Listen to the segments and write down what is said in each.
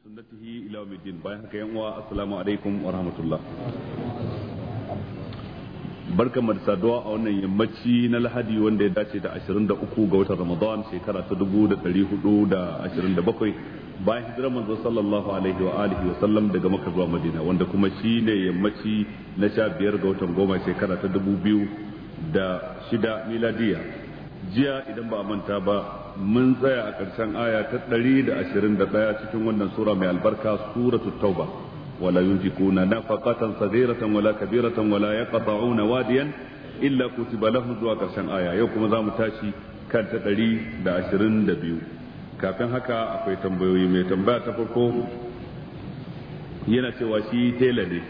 sunnatihi ila yawmiddin bayan haka yan uwa assalamu alaikum wa rahmatullah barkan mu da saduwa a wannan yammaci na lahadi wanda ya dace da 23 ga watan ramadan shekara ta 1427 bayan hijirar manzo sallallahu alaihi wa alihi wa sallam daga makka zuwa madina wanda kuma shine yammaci na 15 ga watan goma shekara ta 2006 miladiyya jiya idan ba manta ba mun tsaya a ƙarshen aya ta ɗari da da ashirin ɗaya cikin wannan sura mai albarka suratul tauba wala yunfikuna nafaqatan sadiratan wala kabiratan wala yaqta'una wadiyan illa kutiba lahum zuwa ƙarshen aya yau kuma zamu tashi kan ta ɗari da da ashirin biyu. kafin haka akwai tambayoyi mai tambaya ta farko yana cewa shi tela ne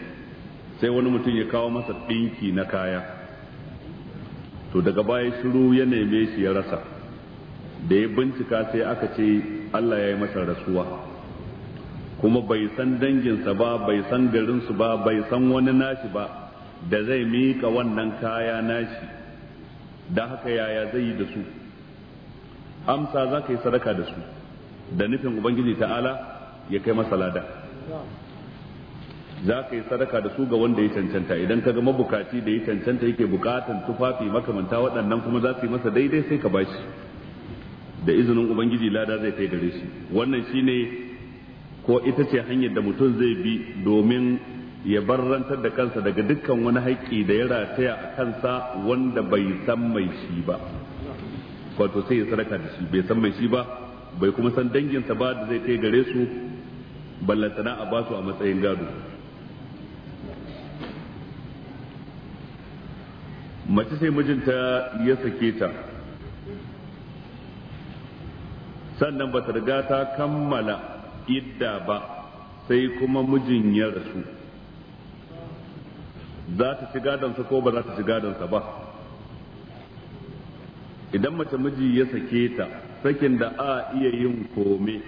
sai wani mutum ya kawo masa ɗinki na kaya to daga baya shiru ya neme shi ya rasa da ya bincika sai aka ce Allah ya yi masa rasuwa kuma bai san danginsa ba bai san garinsu ba bai san wani nashi ba da zai miƙa wannan kaya nashi da haka yaya zai yi da su amsa za ka yi sadaka da su da nufin ubangiji ta'ala ya kai masa lada za ka yi sadaka da su ga wanda ya cancanta idan ka ga mabukaci da ya cancanta yake bukatan tufafi makamanta waɗannan kuma za su yi masa daidai sai ka shi da izinin ubangiji lada zai kai gare shi wannan shine ko ita ce hanyar da mutum zai bi domin ya barrantar da kansa daga dukkan wani haƙƙi da ya rataya a kansa wanda bai san mai shi ba wato sai ya sadaka da shi bai san mai shi ba bai kuma san danginsa ba da zai kai gare su ballantana a basu a matsayin gado mace sai mijinta ya sake ta sannan ba ta riga ta kammala idda ba sai kuma mijin ya rasu za ta ci gadonsa ko ba za ta ci gadonsa ba idan mace miji ya sake ta sakin da a iya yin kome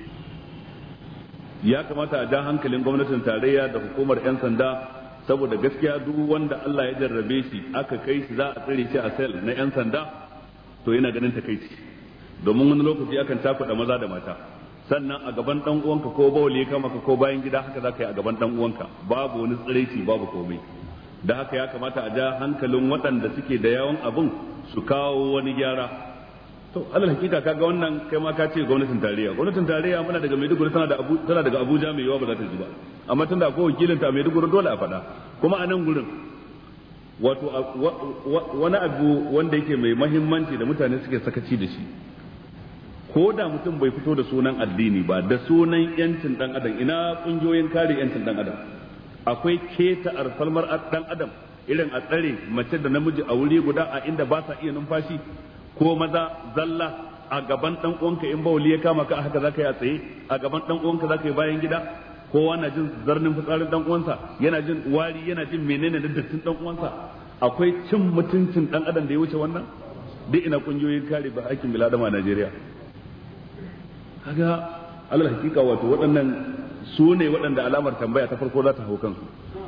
ya kamata a ja hankalin gwamnatin tarayya da hukumar 'yan sanda saboda gaskiya duk wanda Allah ya jarrabe shi aka kai shi za a tsare shi a sel na yan sanda to yana ganin ta kai shi. domin wani lokaci akan takuɗa maza da mata sannan a gaban dan uwanka ko bawali ya kama ka ko bayan gida haka za ka yi a gaban dan uwanka babu wani tsiraici babu komai da haka ya kamata a ja hankalin waɗanda suke da yawan abin su kawo wani gyara to alal hakika kaga wannan kai ma ka ce gwamnatin tarayya gwamnatin tarayya muna daga Maiduguri tana da Abu tana daga Abuja mai yawa ba za ta ji ba amma tunda akwai wakilin ta Maiduguri dole a faɗa kuma a nan gurin wato wani abu wanda yake mai mahimmanci da mutane suke sakaci da shi ko da mutum bai fito da sunan addini ba da sunan yancin dan adam ina kungiyoyin kare yancin dan adam akwai keta arfalmar dan adam irin a tsare mace da namiji a wuri guda a inda ba sa iya numfashi ko maza zalla a gaban dan uwanka in bawuli ya kama ka haka zaka yi a tsaye a gaban dan uwanka zaka yi bayan gida kowa na jin zarnin fitsarin dan uwansa yana jin wari yana jin menene da dattin dan uwansa akwai cin mutuncin dan adam da ya wuce wannan duk ina kungiyoyin kare ba hakkin biladama a Najeriya kaga alal hakika wato waɗannan su ne waɗanda alamar tambaya ta farko za ta hau kansu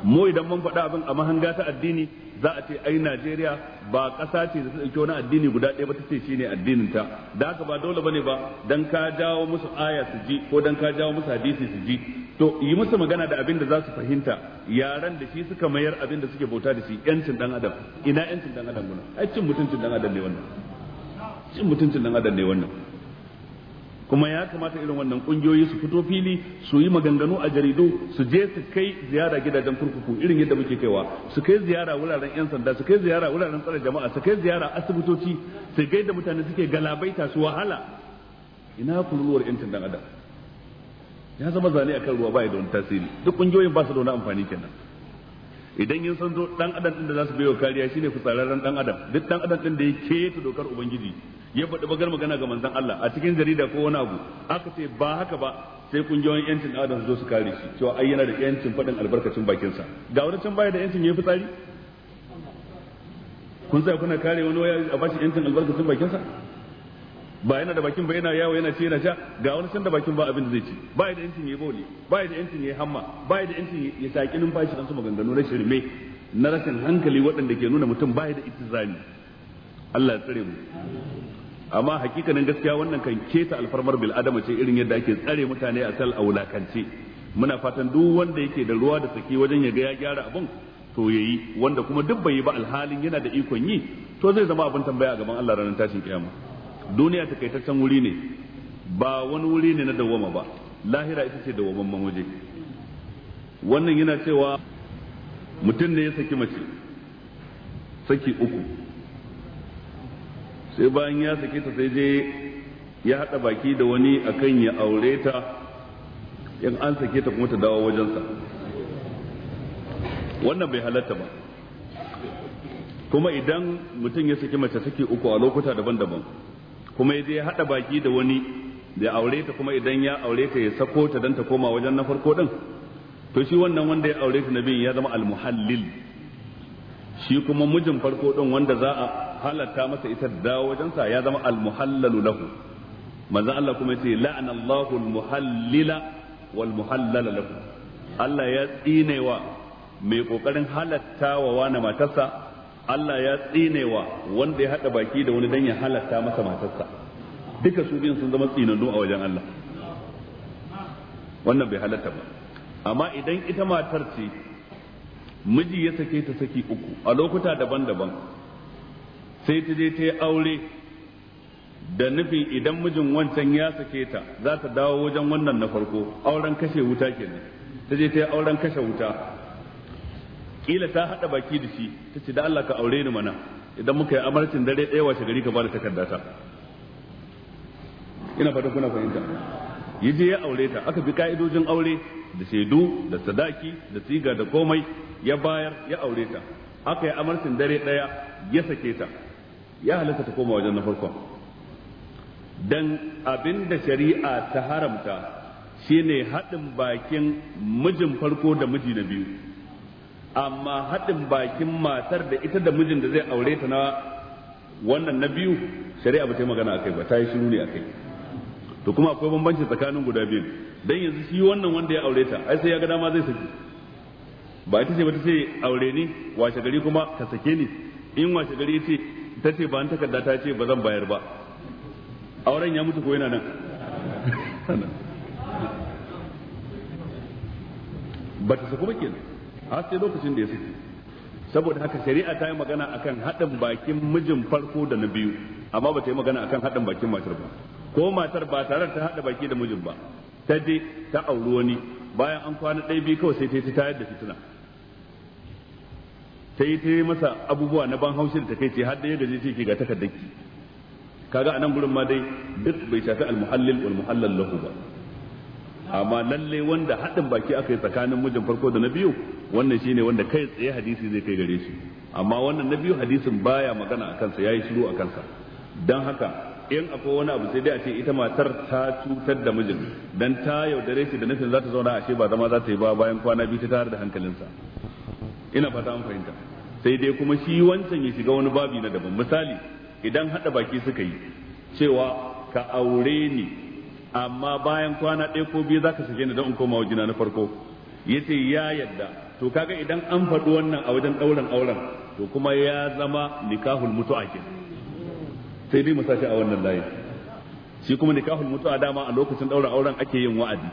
mu idan mun faɗa abin a mahanga ta addini za a ce ai Najeriya ba ƙasa ce da ta ɗauki wani addini guda ɗaya ba ta ce shine addinin ta da haka ba dole bane ba dan ka jawo musu aya su ji ko dan ka jawo musu hadisi su ji to yi musu magana da abin da za su fahimta yaran da shi suka mayar abin da suke bauta da shi yancin dan adam ina yancin dan adam guna ai cin mutuncin dan adam ne wannan cin mutuncin dan adam ne wannan kuma ya kamata irin wannan kungiyoyi su fito fili su yi maganganu a jaridu su je su kai ziyara gidajen kurkuku irin yadda muke kaiwa su kai ziyara wuraren yan sanda su kai ziyara wuraren tsare jama'a su kai ziyara asibitoci su gai da mutane suke galabaita su wahala ina kulluwar yancin dan adam ya zama zane akan ruwa ba da wani tasiri duk kungiyoyin ba su da wani amfani kenan idan yin san dan adam din da za su bai wa kariya shine fitsararren dan adam duk dan adam din da ya keta dokar ubangiji ya faɗi bagar magana ga manzon Allah a cikin jarida ko wani abu aka ce ba haka ba sai kungiyoyin yancin adam zo su kare shi cewa ai yana da yancin faɗin albarkacin bakinsa ga wani can baya da yancin yayi fitsari kun sai kuna kare wani waya a bashi yancin albarkacin bakinsa ba yana da bakin ba yana yawo yana ce yana sha ga wani can da bakin ba abin da zai ci ba da yancin yayi boli ba da yancin yayi hamma ba da yancin ya saki numfashi dan su maganganu na shirme na rashin hankali waɗanda ke nuna mutum ba da ittizami Allah ya tsare mu amma hakikanin gaskiya wannan kan keta alfarmar bil adama ce irin yadda ake tsare mutane a sal aulakance muna fatan duk wanda yake da ruwa da saki wajen ya ga ya gyara abun to yayi wanda kuma duk bai yi ba alhalin yana da ikon yi to zai zama abin tambaya a gaban Allah ranar tashin kiyama duniya takaitaccen wuri ne ba wani wuri ne na dawwama ba lahira ita ce dawwamamman waje wannan yana cewa mutum ne ya saki mace saki uku sai bayan ya sake ta sai je ya haɗa baki da wani akan ya aure ta in an sake ta kuma ta dawo wajensa wannan bai halatta ba kuma idan mutum ya saki mace saki uku a lokuta daban-daban kuma ya je ya haɗa baki da wani da aure ta kuma idan ya aure ta ya sako ta don ta koma wajen na farko din to shi wannan wanda ya aure ta na biyun ya zama almuhallil shi kuma mijin farko din wanda za a halatta masa ita da wajensa ya zama almuhallalu lahu manzo Allah kuma yace la'ana Allahu muhallila wal muhallala lahu Allah ya tsinewa mai kokarin halatta wa wani matarsa Allah ya tsinewa wanda ya hada baki da wani dan ya halatta masa matarsa duka su biyun sun zama tsinannu a wajen Allah wannan bai halatta ba amma idan ita matar ce miji ya sake ta saki uku a lokuta daban-daban sai ta je ta yi aure da nufin idan mijin wancan ya sake ta za ta dawo wajen wannan na farko auren kashe wuta kenan ta je ta yi auren kashe wuta kila ta haɗa baki da shi ta ce da Allah ka aure ni mana idan muka yi amarcin dare ɗaya washe gari ka bada takardata ina fata kuna fahimta yi je ya aure ta aka bi ka'idojin aure da shaidu da sadaki da siga da komai ya bayar ya aure ta aka yi amarcin dare ɗaya ya sake ta ya halatta ta koma wajen na farkon dan abinda shari'a ta haramta shine haɗin bakin mijin farko da miji na biyu amma haɗin bakin matar da ita da mijin da zai aure ta na wannan na biyu shari'a ba ta yi magana a kai ba ta yi shiru ne a kai. to kuma akwai bambanci tsakanin guda biyu dan yanzu shi wannan wanda ya aure ta ai sai ya ga dama zai saki ba ita ce ba ta ce aure ni washe gari kuma ka sake ni in washe gari ya ce ta ce ba an takarda ta ce ba zan bayar ba auren ya mutu ko yana nan ba ta saku ba kenan a sai lokacin da ya saki saboda haka shari'a ta yi magana akan haɗin bakin mijin farko da na biyu amma ba ta yi magana akan haɗin bakin matar ba ko matar ba tare ta haɗa baki da mijin ba ta je ta auri wani bayan an kwana ɗaya biyu kawai sai ta yi ta tayar da fitina sai ta yi masa abubuwa na ban haushi da ce har da ya gaje ce ke ga takardar ki kaga nan gurin ma dai duk bai shafi almuhallil wal lahu ba amma lalle wanda haɗin baki aka yi tsakanin mijin farko da na biyu wannan shine wanda kai tsaye hadisi zai kai gare shi amma wannan na biyu hadisin baya magana a kansa yayi shiru a kansa dan haka in akwai wani abu sai dai a ce ita matar ta cutar da mijin dan ta yaudare shi da nufin za ta zauna a ba zama za ta yi ba bayan kwana biyu ta tare da hankalinsa ina fata an fahimta sai dai kuma shi wancan ya shiga wani babi na daban misali idan hada baki suka yi cewa ka aure ni amma bayan kwana ɗaya ko biyu zaka sake ni don in koma wajina na farko yace ya yadda to kaga idan an faɗi wannan a wajen ɗauran auren to kuma ya zama nikahul mutu'a ke sai dai mu a wannan layi. shi kuma nikahul mutu'a dama a lokacin ɗauran auren ake yin wa'adi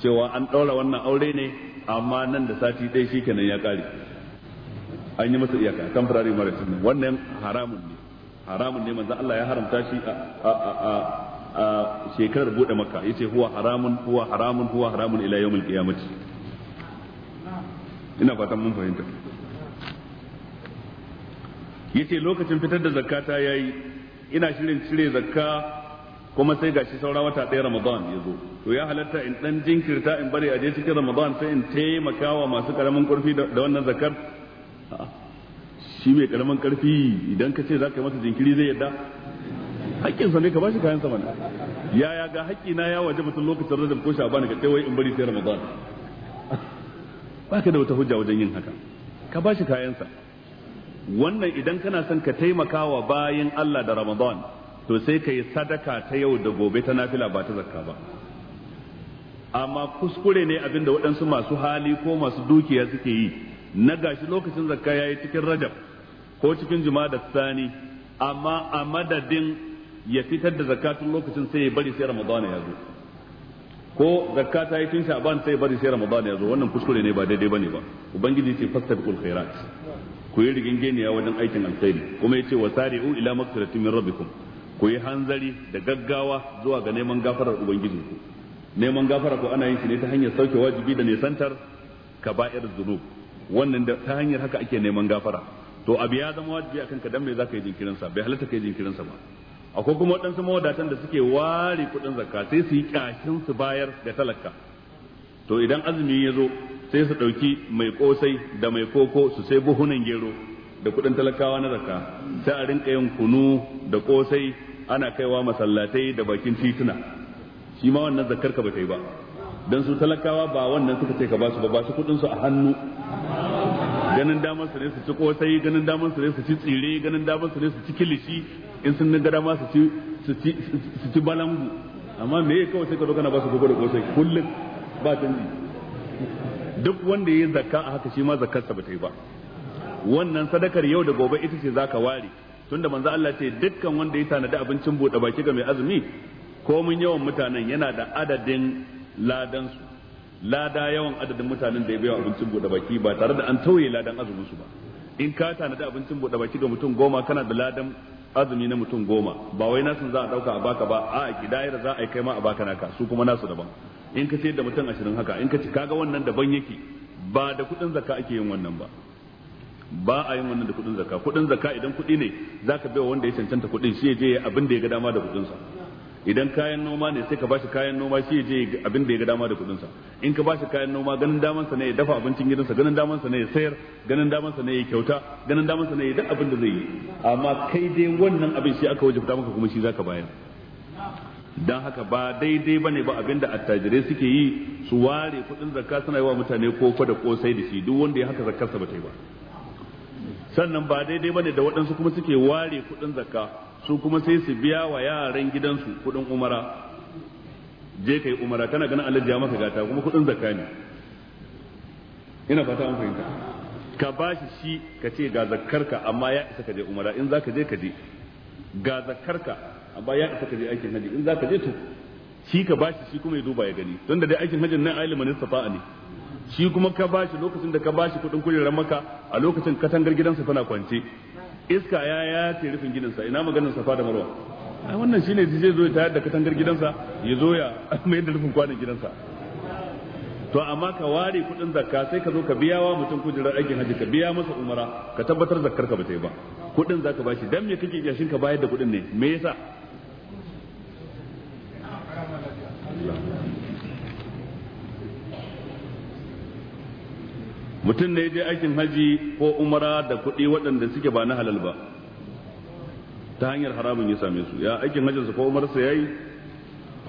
cewa an ɗaura wannan aure ne amma nan da sati ɗaya shikenan ya ƙare an yi masa iyaka temporary marriage ne wannan haramun ne haramun ne manzo Allah ya haramta shi a a a a shekarar bude makka yace huwa haramun huwa haramun huwa haramun ila yawmil qiyamati ina fatan mun fahimta yace lokacin fitar da zakata yayi ina shirin cire zakka kuma sai gashi saura wata ɗaya Ramadan ya zo to ya halatta in dan jinkirta in bari a je cikin Ramadan sai in taimaka wa masu karamin kurfi da wannan zakar shi mai karamin karfi idan ka ce za ka yi masa jinkiri zai yadda Haƙƙinsa ne ka bashi kayan sa mana yaya ga haƙƙi na ya waje mutum lokacin rajab ko sha'ban ka wai in bari sai ramadan ka da wata hujja wajen yin haka ka bashi kayan sa wannan idan kana son ka taimakawa bayan Allah da ramadan to sai ka yi sadaka ta yau da gobe ta nafila ba ta zakka ba amma kuskure ne abinda waɗansu masu hali ko masu dukiya suke yi na gashi lokacin zakka yayi cikin rajab ko cikin da sani amma a madadin ya fitar da zakatun lokacin sai ya bari sai ramadana ya zo ko zakka ta yi tun sha'ban sai ya bari sai ramadana ya zo wannan kuskure ne ba daidai bane ba ubangiji ce fastabiqul khairat ku yi rigingeniya wajen aikin alkhairi kuma yace wasari'u ila maghfiratin min rabbikum ku yi hanzari da gaggawa zuwa ga neman gafarar ubangiji neman gafara ko ana yin shi ne ta hanyar sauke wajibi da nisantar kaba'ir zunub wannan da ta hanyar haka ake neman gafara to abu ya zama wajibi akan ka dan me zaka yi jinkirin sa bai halatta kai jinkirin sa ba akwai kuma waɗansu mawadatan da suke ware kuɗin zakka sai su yi kashin su bayar da talaka to idan azumi ya zo sai su ɗauki mai ƙosai da mai koko su sai buhunan gero da kuɗin talakawa na zakka sai a rinka yin kunu da ƙosai ana kaiwa masallatai da bakin tituna shi ma wannan zakkar ka ba ta yi ba dan su talakawa ba wannan suka ce ka ba su ba ba su kudin su a hannu ganin damar su ne su ci kosai ganin damar su ne su ci tsire ganin damar su ne su ci kilishi in sun ga dama su ci su ci balangu amma me yake kawai sai ka zo ba su gogo da kosai kullum ba canji duk wanda ya zakka a haka shi ma zakkarsa ba ta yi ba wannan sadakar yau da gobe ita ce zaka ware tunda manzo Allah ce dukkan wanda ya tanadi abincin bude baki ga mai azumi ko mun yawan mutanen yana da adadin ladan su lada yawan adadin mutanen da ya baiwa abincin bude baki ba tare da an tauye ladan azumin su ba in ka tanada abincin bude baki ga mutum goma kana da ladan azumi na mutum goma ba wai nasu za a dauka a baka ba a kidayar za a yi kai ma a baka naka su kuma nasu daban in ka sayar da mutum ashirin haka in ka ci kaga wannan daban yake ba da kudin zakka ake yin wannan ba ba a yin wannan da kudin zakka kudin zakka idan kudi ne zaka baiwa wanda ya cancanta kudin shi ya je abin da ya ga dama da kudin sa idan kayan noma ne sai ka bashi kayan noma shi ya je abin da ya ga dama da kudinsa in ka bashi kayan noma ganin daman sa ne ya dafa abincin gidansa ganin daman sa ne ya sayar ganin daman sa ne ya kyauta ganin daman sa ne ya duk abin da zai yi amma kai dai wannan abin shi aka wajibta maka kuma shi zaka bayar dan haka ba daidai bane ba abin da attajirai suke yi su ware kudin zakka suna yi wa mutane kofa da kosai da shi duk wanda ya haka zakkarsa ba ta yi ba sannan ba daidai bane da waɗansu kuma suke ware kudin zakka su kuma sai su biya wa yaran gidansu kudin umara je kai umara kana ganin Allah ya maka gata kuma kudin zakka ne ina fata an fahimta ka bashi shi ka ce ga zakkarka amma ya isa ka je umara in zaka je ka je ga zakkarka amma ya isa ka je aikin haji in zaka je to shi ka bashi shi kuma ya duba ya gani don da dai aikin hajjin nan ayyul manistafa ne shi kuma ka bashi lokacin da ka bashi kudin kujerar maka a lokacin katangar gidansa tana kwance iska ya ya ce rufin gidansa ina maganin safa da marwa ai wannan shine zai zo ya tayar da katangar gidansa ya zo ya mai da rufin kwanan gidansa to amma ka ware kudin zakka sai ka zo ka biya wa mutum kujerar aikin haji ka biya masa umara ka tabbatar zakkar ka ba ta yi ba kudin zaka bashi dan me kake yashin ka bayar da kudin ne me yasa mutum ne je aikin haji ko umara da kuɗi waɗanda suke ba na halal ba ta hanyar haramun ya same su ya aikin hajjinsa ko umarsa ya yi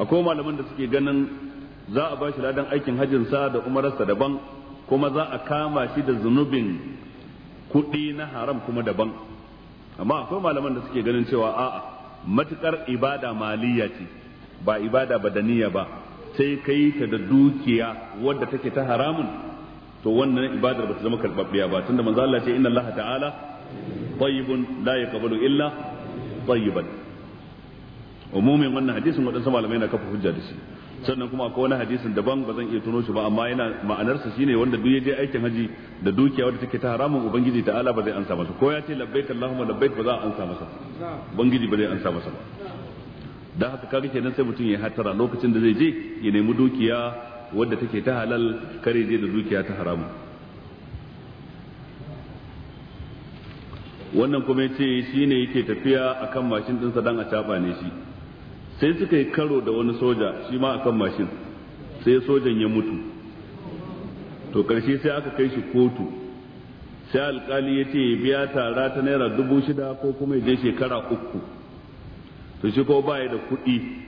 akwai malaman da suke ganin za a ba shi ladan aikin hajjinsa da umararsa daban kuma za a kama shi da zunubin kuɗi na haram kuma daban amma akwai malaman da suke ganin cewa a'a matukar ibada maliyya ce ba ibada badaniya ba sai kai ta da dukiya wadda take ta haramun to wannan ibadar ba ta zama karbabbiya ba tunda manzo Allah ce inna Allah ta'ala tayyibun la yaqbalu illa tayyiban umumin wannan hadisin wadansu malamai na kafa hujja da shi sannan kuma akwai wani hadisin daban ba zan iya tuno shi ba amma yana ma'anarsa shine wanda duk yaje aikin haji da dukiya wadda take ta haramun ubangiji ta'ala ba zai ansa masa ko ya ce labbaik allahumma labbaik ba za a ansa masa ubangiji ba zai ansa masa ba dan haka kaga kenan sai mutum ya hatara lokacin da zai je ya nemi dukiya wadda take ta halal kare je da zuciya ta haramu wannan kuma ce shi ne yake tafiya akan kan mashin ɗinsa dan a caɓa ne shi sai suka yi karo da wani soja shi ma a mashin sai sojan ya mutu to ƙarshe sai aka kai shi kotu sai alkali ya ce ya biya tara ta naira dubu shida ko kuma ya je shekara uku to shi ko baya da kuɗi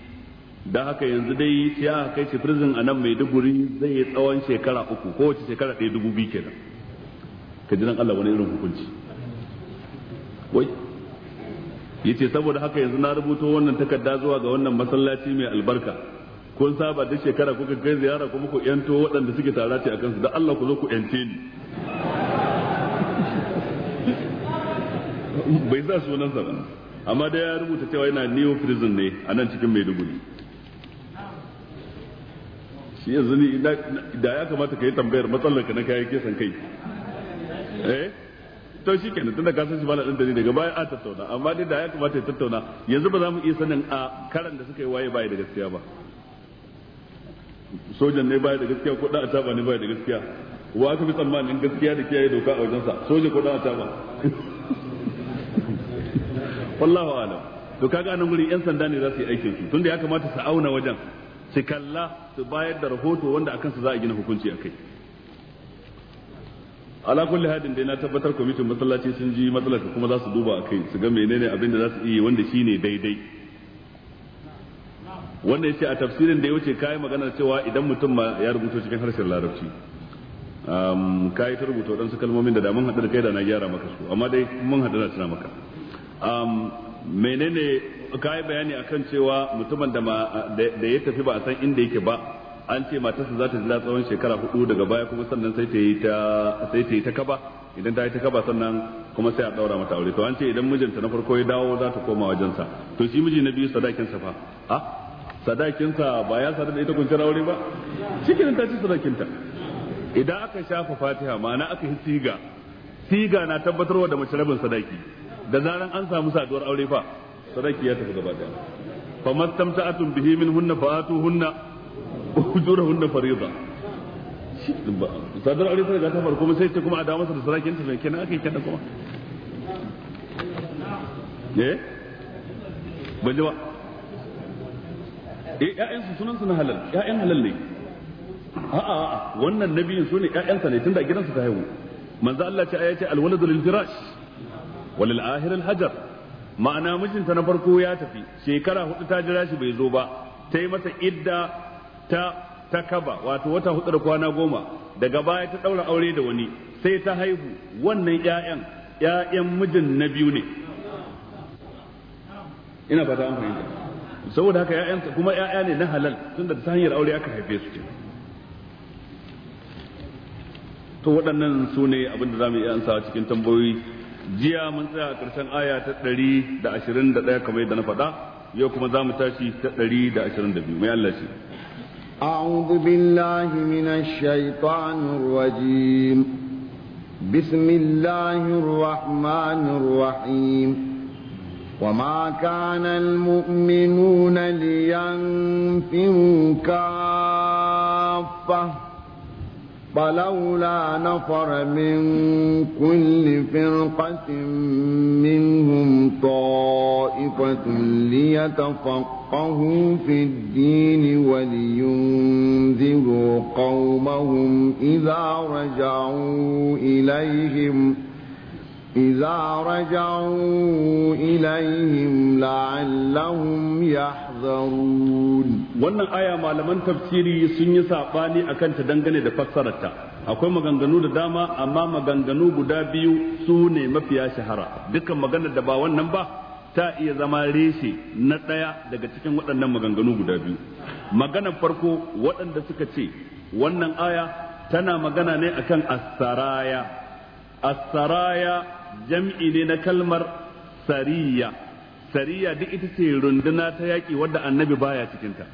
da haka yanzu dai sai aka kai shi prison a nan Maiduguri zai yi tsawon shekara uku ko wace shekara ɗaya dubu biyu kenan ka jira Allah wani irin hukunci wai yace saboda haka yanzu na rubuto wannan takarda zuwa ga wannan masallaci mai albarka kun saba duk shekara kuka kai ziyara kuma ku yanto waɗanda suke tara ce a kansu da Allah ku zo ku yance ni bai sa sunansa ba amma da ya rubuta cewa yana new prison ne a nan cikin Maiduguri shi yanzu ne da ya kamata ka yi tambayar matsalar ka na kayan kesan kai eh to shi kenan tunda ka san shi din da ne daga baya a tattauna amma dai da ya kamata ya tattauna yanzu ba za mu iya sanin a karan da suka yi waye baya da gaskiya ba sojan ne baya da gaskiya ko da ataba ne baya da gaskiya wa aka fi tsammanin gaskiya da kiyaye doka a wajensa soja ko da ataba wallahu alam to kaga nan guri yan sanda ne za su yi aikin su tunda ya kamata su auna wajen su kalla su bayar da rahoto wanda akan su za a gina hukunci akai ala kulli hadin dai na tabbatar kwamitin masallaci sun ji matsalar kuma za su duba akai su ga menene abin da za su iya wanda shine daidai wanda yace a tafsirin da ya wuce kai magana cewa idan mutum ma ya rubuto cikin harshen larabci um kai ta rubuta su kalmomin da da mun hada da kai da na gyara maka su amma dai mun hada da tana maka um menene kai bayani akan cewa mutumin da da ya tafi ba a san inda yake ba an ce matarsa za ta jira tsawon shekara hudu daga baya kuma sannan sai ta yi ta sai ta yi ta kaba idan ta yi ta kaba sannan kuma sai a daura mata aure to an ce idan mijinta na farko ya dawo za ta koma wajensa to shi miji na biyu sadakin sa fa a ah, sadakin sa ba ya sadar da ita kuncin aure ba cikin ta ci sadakinta idan aka shafa fatiha ma'ana aka yi siga siga na tabbatarwa da mace rabin sadaki da zaran an samu saduwar aure fa sadaki ya tafi gaba daya famastamta'atun bihi minhunna fa'atuhunna ujurahunna fariida sadar aure sai ga ta farko sai ce kuma a dawo masa da sarakin ta mai kenan aka yi kenan kuma eh ban ji ba eh ƴaƴan su sunan su na halal ƴaƴan halal ne a'a a'a wannan nabiyin su ne ƴaƴan sa ne tunda gidansa ta haihu manzo Allah ce ayati alwaladu lil firash walil ahir al hajar ma'ana mijinta na farko ya tafi shekara hudu ta jira shi bai zo ba ta yi masa idda ta ta kaba wato wata hudu da kwana goma daga baya ta daura aure da wani sai ta haihu wannan ƴaƴan ƴaƴan mijin na biyu ne ina ba ta amfani saboda haka ƴaƴan kuma ƴaƴa ne na halal tunda ta hanyar aure aka haife su to waɗannan su ne abin da za mu iya ansawa cikin tambayoyi jiya mun tsaya a ƙarshen aya ta ɗari da ashirin da ɗaya kamar yadda na faɗa yau kuma za mu tashi ta ɗari da ashirin da biyu mai Allah shi أعوذ بالله من الشيطان الرجيم بسم الله الرحمن الرحيم وما كان المؤمنون لينفروا كافه فلولا نفر من كل فرقة منهم طائفة ليتفقهوا في الدين ولينذروا قومهم إذا رجعوا إليهم ۖ إذا رجعوا إليهم لعلهم يحذرون wannan aya malaman tafsiri sun yi saɓani akan ta dangane da fassararta akwai maganganu da dama amma maganganu guda biyu su ne mafiya shahara dukkan maganar da ba wannan ba ta iya zama reshe na ɗaya daga cikin waɗannan maganganu guda biyu maganar farko waɗanda suka ce wannan aya tana magana ne akan asaraya asaraya jam'i ne na kalmar sariya sariya duk ita ce runduna ta yaƙi wadda annabi baya cikinta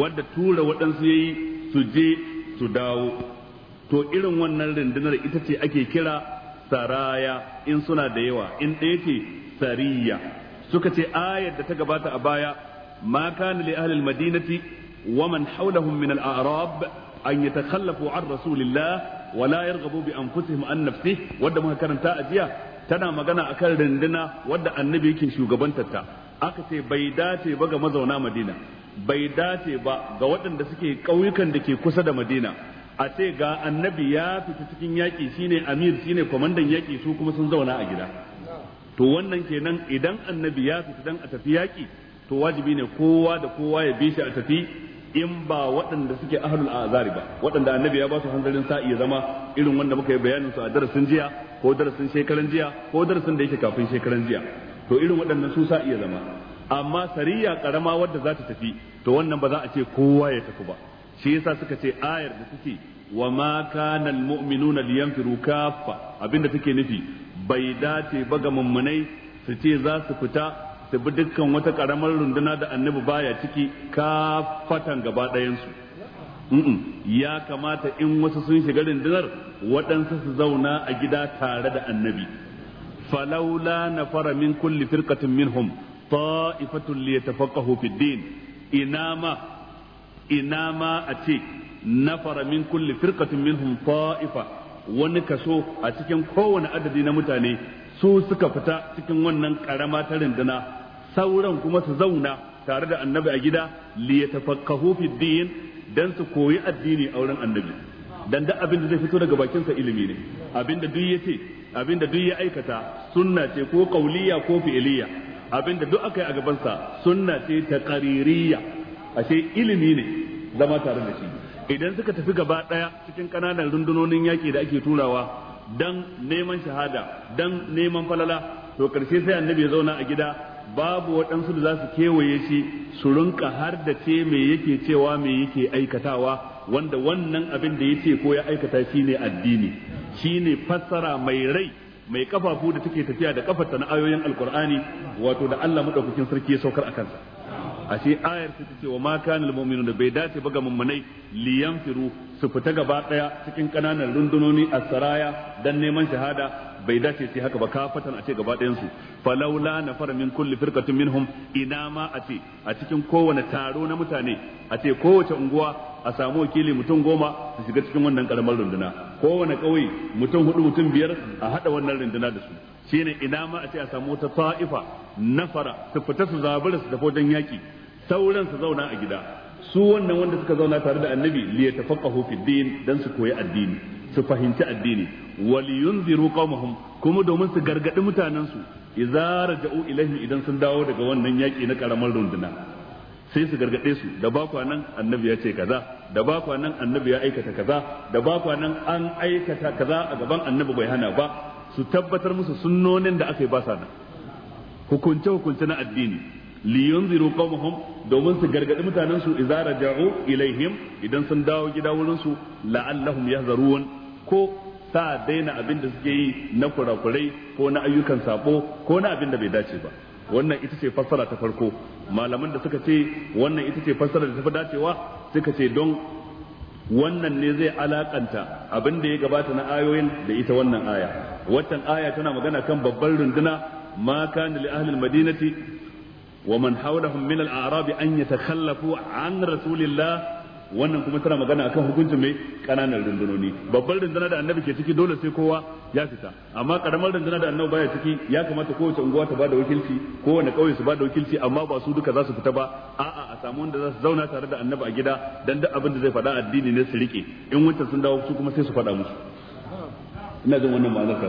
wadda tura waɗansu yayi su je su dawo to irin wannan rundunar ita ce ake kira saraya in suna da yawa in ɗaya ce sariya suka ce ayar da ta gabata a baya ma kana li ahli al-madinati wa man hawlahum min al-a'rab an yatakhallafu an rasulillah wa la yarghabu bi anfusihim an nafsi wadda muka karanta a jiya tana magana a akan rinduna wadda annabi yake shugaban aka ce bai dace ba ga mazauna madina bai dace ba ga waɗanda suke ƙauyukan da ke kusa da madina a ce ga annabi ya fita cikin yaƙi shine amir shine kwamandan yaƙi su kuma sun zauna a gida to wannan kenan idan annabi ya fita dan a tafi yaƙi to wajibi ne kowa da kowa ya bi shi a tafi in ba waɗanda suke ahlul azari ba waɗanda annabi ya ba su hanzarin sa'i ya zama irin wanda muka yi bayanin su a darasin jiya ko darasin shekaran jiya ko darasin da yake kafin shekaran jiya to irin waɗannan su sa'i ya zama amma sariya karama wadda za ta tafi to wannan ba za a ce kowa ya tafi ba shi yasa suka ce ayar da suke wa ma kana almu'minuna liyanfiru kaffa abinda take nufi bai dace ba ga mummunai su ce za su fita su bi dukkan wata karamar runduna da annabi baya ciki kafatan gaba ɗayansu ya kamata in wasu sun shiga rundunar waɗansu su zauna a gida tare da annabi falaula na fara min kulli firkatin minhum ta'ifatun li yatafaqahu fid din ina ma ina ma a ce na fara min kulli firkatin minhum ta'ifa wani kaso a cikin kowane adadi na mutane su suka fita cikin wannan karama ta runduna. sauran kuma su zauna tare da annabi a gida li yatafaqahu fi din dan su koyi addini a wurin annabi dan da abin da zai fito daga bakin sa ilimi ne abin da duk yace abin da duk ya aikata sunna ce ko qauliyya ko fi'liyya abin da duk aka yi a gaban sa sunna ce taqririyya ashe ilimi ne zama tare da shi idan suka tafi gaba daya cikin kananan rundunonin yaki da ake turawa dan neman shahada dan neman falala to karshe sai annabi ya zauna a gida babu waɗansu da za su kewaye shi su rinka har da ce me yake cewa me yake aikatawa wanda wannan abin da ya ko ya aikata shine addini shine fassara mai rai mai kafafu da take tafiya da kafarta na ayoyin alkur'ani wato da Allah madaukakin sarki ya saukar a kansa ce ayar ta ce wa ma kana almu'minu da bai dace ba ga mummunai liyanfiru su fita gaba daya cikin kananan rundunoni a saraya dan neman shahada bai dace sai haka ba kafatan a ce gaba ɗayan su falaula nafar min kulli firqatin minhum ina ma a ce a cikin kowane taro na mutane a ce kowace unguwa a samu wakili mutum goma su shiga cikin wannan karamar runduna kowane ƙauye mutum hudu mutum biyar a hada wannan runduna da su shine ina ma a ce a samu wata ta'ifa nafara su fita su zabura su tafi wajen yaki sauran su zauna a gida su wannan wanda suka zauna tare da annabi li yatafaqahu fi din dan su koyi addini su fahimci addini wal yunziru qaumahum kuma domin su gargadi mutanensu idza raja'u ilaihim idan sun dawo daga wannan yaki na karamar runduna sai su gargade su da kwa nan annabi ya ce kaza da kwa nan annabi ya aikata kaza da kwa nan an aikata kaza a gaban annabi bai hana ba su tabbatar musu sunnonin da aka yi ba sa hukunce hukunce na addini li yunziru qawmahum domin su gargadi mutanen su idza raja'u ilaihim idan sun dawo gida wurin su la'allahum yahzarun ko sa daina abin da suke yi na kurakurai ko na ayyukan sabo ko na abin da bai dace ba wannan ita ce fassara ta farko malaman da suka ce wannan ita ce fassara da tafi dacewa suka ce don wannan ne zai alakanta abin da ya gabata na ayoyin da ita wannan aya watan aya tana magana kan babban runduna ma kana li ahli almadinati ومن حولهم من الأعراب أن يتخلفوا عن رسول الله wannan kuma tana magana akan hukuncin mai kananan rundunoni babbar rundunar da annabi ke ciki dole sai kowa ya fita amma karamar rundunar da annabi baya ciki ya kamata kowace unguwa ta bada wakilci kowane kauye su bada wakilci amma ba su duka za su fita ba a'a a samu wanda za su zauna tare da annabi a gida dan duk abin da zai fada addini ne su rike in wancan sun dawo su kuma sai su faɗa musu ina jin wannan ma'anar ta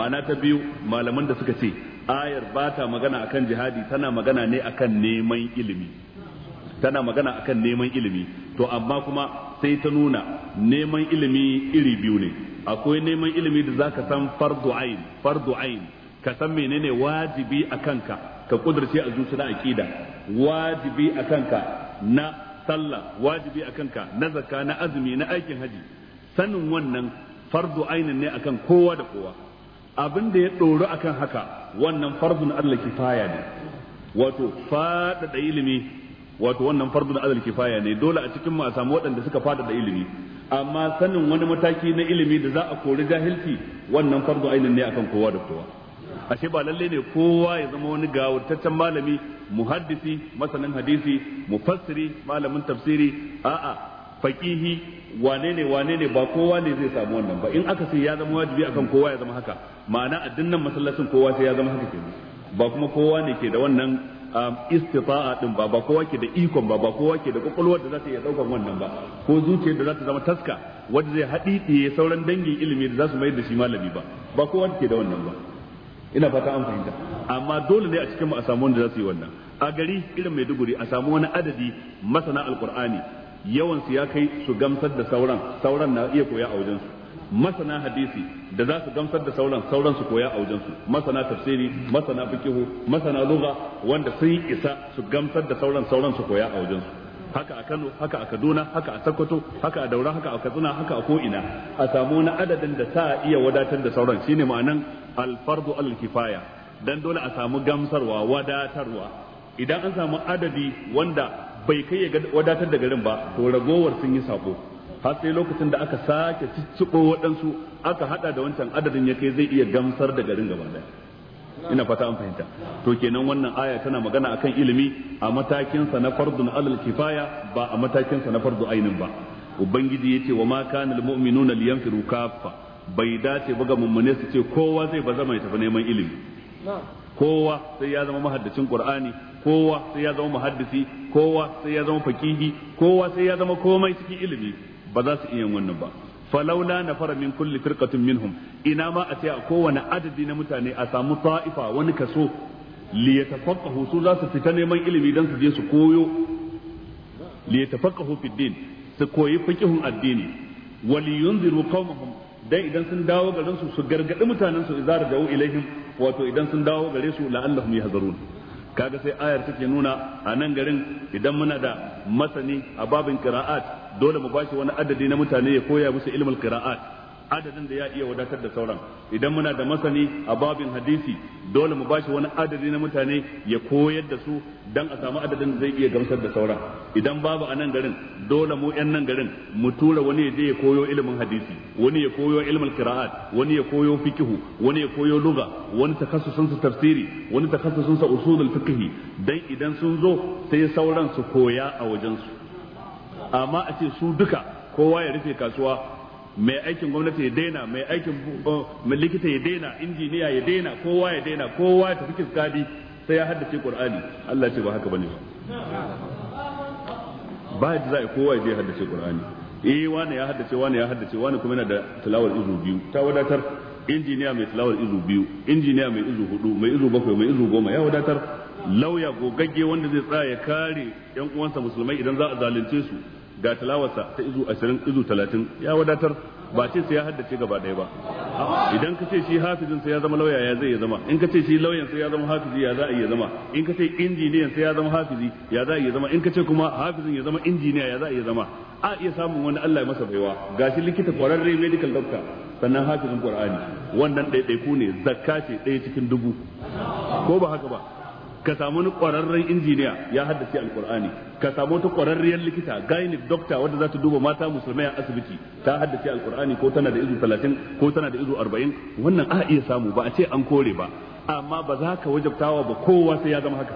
ma'ana ta biyu malaman da suka ce ayar ba ta magana akan jihadi tana magana ne akan neman ilimi tana magana akan neman ilimi to amma kuma sai ta nuna neman ilimi iri biyu ne akwai neman ilimi da zaka san fardu ain fardu ain ka san menene wajibi a kanka ka kudurce a zuciya aqida wajibi a kanka na sallah wajibi a kanka na zakka na azumi na aikin haji sanin wannan fardu ainin ne akan kowa da kowa abin da ya ɗoru akan haka wannan farzun Allah kifaya ne wato faɗaɗa ilimi wato wannan farzun Allah kifaya ne dole a cikin mu a samu waɗanda suka faɗaɗa ilimi amma sanin wani mataki na ilimi da za a kori jahilci wannan farzun ainin ne akan kowa da kowa ashe ba lalle ne kowa ya zama wani gawurtaccen malami muhaddisi masanin hadisi mufassiri malamin tafsiri a'a faƙihi wane ne wane ne ba kowa ne zai samu wannan ba in aka sai ya zama wajibi akan kowa ya zama haka ma'ana addinin masallacin kowa sai ya zama haka kenan ba kuma kowa ne ke da wannan um, istifa'a din ba ba kowa ke da ikon ba ba kowa ke da kwakwalwar da za ta iya daukan wannan ba ko zuciyar da za ta zama taska wanda zai haɗi sauran dangin ilimi da za su mayar da shi malami ba ba kowa ke da wannan ba ina fata an fahimta amma dole ne a cikin mu a samu wanda za su yi wannan a gari irin maiduguri a samu wani adadi masana alkur'ani yawan su ya kai su gamsar da sauran sauran na iya koya a wajen masana hadisi da za su gamsar da sauran sauran su koya a wajen masana tafsiri masana fikihu masana lugha wanda sun isa su gamsar da sauran sauran su koya a wajen haka a Kano haka a Kaduna haka a Sokoto haka a Daura haka a Katsina haka a ko'ina a samu na adadin da sa iya wadatar da sauran shine ma'anan alfardu kifaya dan dole a samu gamsarwa wadatarwa idan an samu adadi wanda bai kai ya wadatar da garin ba to ragowar sun yi sako har sai lokacin da aka sake cicciɓo waɗansu aka haɗa da wancan adadin ya kai zai iya gamsar da garin gaba ina fata an fahimta to kenan wannan aya tana magana akan ilimi a matakin sa na fardun alal kifaya ba a matakin sa na fardu ainin ba ubangiji yace wa ma kana al mu'minuna liyanfiru kaffa bai dace ba ga mummune su ce kowa zai bazama zama ya tafi neman ilimi kowa sai ya zama mahaddacin qur'ani kowa sai ya zama muhaddisi kowa sai ya zama fakihi kowa sai ya zama komai cikin ilimi ba za su iya wannan ba falaula fara min kulli firqatin minhum ina ma a ce a kowane adadi na mutane a samu ta'ifa wani kaso li yatafaqahu su za su fita neman ilimi dan su je su koyo li yatafaqahu fi din su koyi fiqhun addini wal yunziru qaumahum dai idan sun dawo garin su su gargadi mutanen su idza rajau ilaihim wato idan sun dawo gare su la'allahum yahzarun kaga sai ayar take nuna a nan garin idan muna da masani a babin qira'at dole mu bashi wani adadi na mutane ya koya musu ilmul qira'at adadin da ya iya wadatar da sauran idan muna da masani a babin hadisi dole mu bashi wani adadi na mutane ya koyar da su dan a samu adadin da zai iya gamsar da sauran idan babu a nan garin dole mu yan nan garin mu tura wani ya je ya koyo ilimin hadisi wani ya koyo ilimin qira'at wani ya koyo fikihu wani ya koyo lugha wani takassusun su tafsiri wani takassusun sa usulul fiqh dan idan sun zo sai sauran su koya a wajen su amma a ce su duka kowa ya rufe kasuwa mai aikin gwamnati ya daina mai aikin uh, likita ya daina injiniya ya daina kowa ya daina kowa ya tafi kiskadi sai ya haddace qur'ani Allah ce ba haka bane ba ba yadda za a kowa ya je haddace qur'ani eh wani ya haddace wani ya haddace wani kuma yana da tilawar izu biyu ta wadatar injiniya mai tilawar izu biyu injiniya mai izu hudu mai izu bakwai mai izu goma ya wadatar lauya gogagge wanda zai tsaya ya kare yan uwansa musulmai idan za a zalunce su ga talawarsa ta izu 20 izu 30 ya wadatar ba ce sai ya haddace gaba ɗaya ba idan ka ce shi hafizin sai ya zama lauya ya zai ya zama in ka ce shi lauyan sai ya zama hafizi ya za a iya zama in ka ce injiniyan sai ya zama hafizi ya za a iya zama in ka ce kuma hafizin ya zama injiniya ya za a iya zama a iya samun wani Allah ya masa baiwa shi likita kwararre medical doctor sannan hafizin qur'ani wannan ɗaiɗaiku ne zakka ce ɗaya cikin dubu ko ba haka ba ka samu wani ƙwararren injiniya ya haddace alƙur'ani ka samu wata ƙwararriyar likita gynec doctor wadda za ta duba mata musulmai a asibiti ta haddace alƙur'ani ko tana da izu talatin ko tana da izu arba'in wannan a iya samu ba a ce an kore ba amma ba za ka wajabtawa ba kowa sai ya zama haka